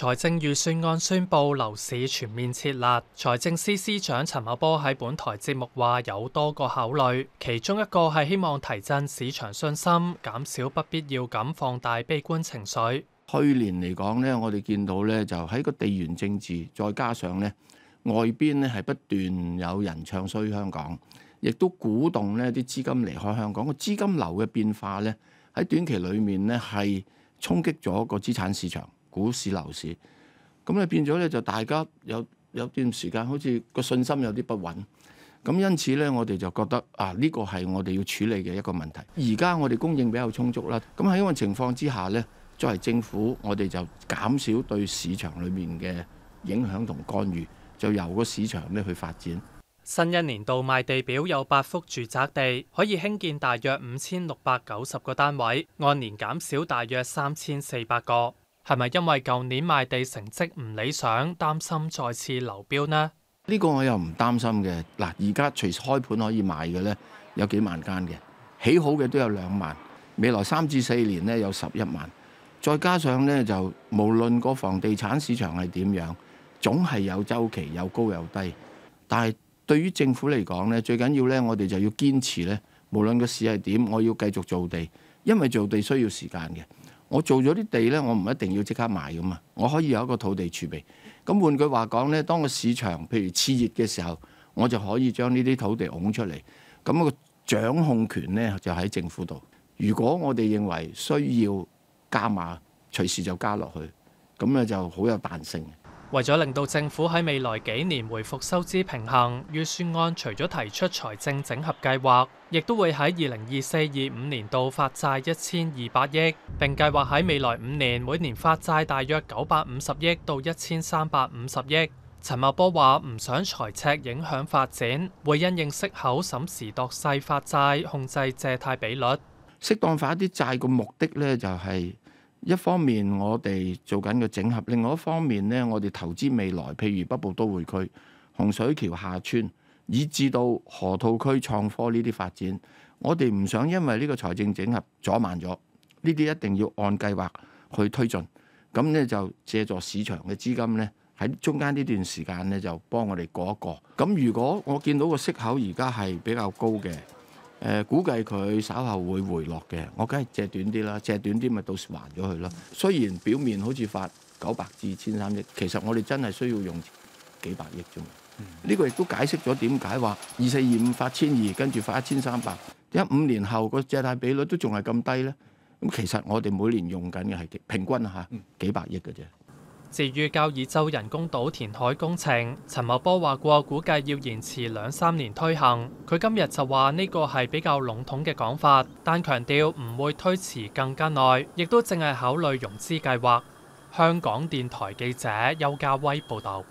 財政預算案宣布樓市全面設立，財政司司長陳茂波喺本台節目話有多個考慮，其中一個係希望提振市場信心，減少不必要咁放大悲觀情緒。去年嚟講呢，我哋見到呢就喺個地緣政治，再加上呢外邊呢係不斷有人唱衰香港，亦都鼓動呢啲資金離開香港，個資金流嘅變化呢，喺短期裏面呢係沖擊咗個資產市場。股市、樓市咁你變咗咧就大家有有段時間，好似個信心有啲不穩。咁因此咧，我哋就覺得啊，呢個係我哋要處理嘅一個問題。而家我哋供應比較充足啦。咁喺呢個情況之下呢，作為政府，我哋就減少對市場裏面嘅影響同干預，就由個市場呢去發展。新一年度賣地表有八幅住宅地，可以興建大約五千六百九十個單位，按年減少大約三千四百個。係咪因為舊年賣地成績唔理想，擔心再次流標呢？呢個我又唔擔心嘅。嗱，而家隨時開盤可以賣嘅呢，有幾萬間嘅，起好嘅都有兩萬。未來三至四年呢，有十一萬，再加上呢，就無論個房地產市場係點樣，總係有周期，有高有低。但係對於政府嚟講呢，最緊要呢，我哋就要堅持呢，無論個市係點，我要繼續造地，因為造地需要時間嘅。我做咗啲地呢，我唔一定要即刻賣㗎嘛，我可以有一個土地儲備。咁換句話講呢，當個市場譬如熾熱嘅時候，我就可以將呢啲土地拱出嚟。咁、那個掌控權呢，就喺政府度。如果我哋認為需要加碼，隨時就加落去。咁咧就好有彈性。為咗令到政府喺未來幾年回復收支平衡，預算案除咗提出財政整合計劃，亦都會喺二零二四、二五年度發債一千二百億，並計劃喺未來五年每年發債大約九百五十億到一千三百五十億。陳茂波話：唔想財赤影響發展，會因應息口審時度勢發債，控制借貸比率。適當發啲債個目的呢，就係、是。一方面我哋做緊個整合，另外一方面咧，我哋投資未來，譬如北部都會區洪水橋廈村，以至到河套區創科呢啲發展，我哋唔想因為呢個財政整合阻慢咗，呢啲一定要按計劃去推進，咁咧就借助市場嘅資金咧，喺中間呢段時間咧就幫我哋過一過，咁如果我見到個息口而家係比較高嘅。誒、呃、估計佢稍後會回落嘅，我梗係借短啲啦，借短啲咪到時還咗佢咯。雖然表面好似發九百至千三億，其實我哋真係需要用幾百億啫嘛。呢、嗯、個亦都解釋咗點解話二四二五發千二，跟住發一千三百，一五年後個借貸比率都仲係咁低咧。咁其實我哋每年用緊嘅係平均嚇幾百億嘅啫。嗯。至於交椅洲人工島填海工程，陳茂波話過估計要延遲兩三年推行，佢今日就話呢個係比較籠統嘅講法，但強調唔會推遲更加耐，亦都正係考慮融資計劃。香港電台記者邱家威報道。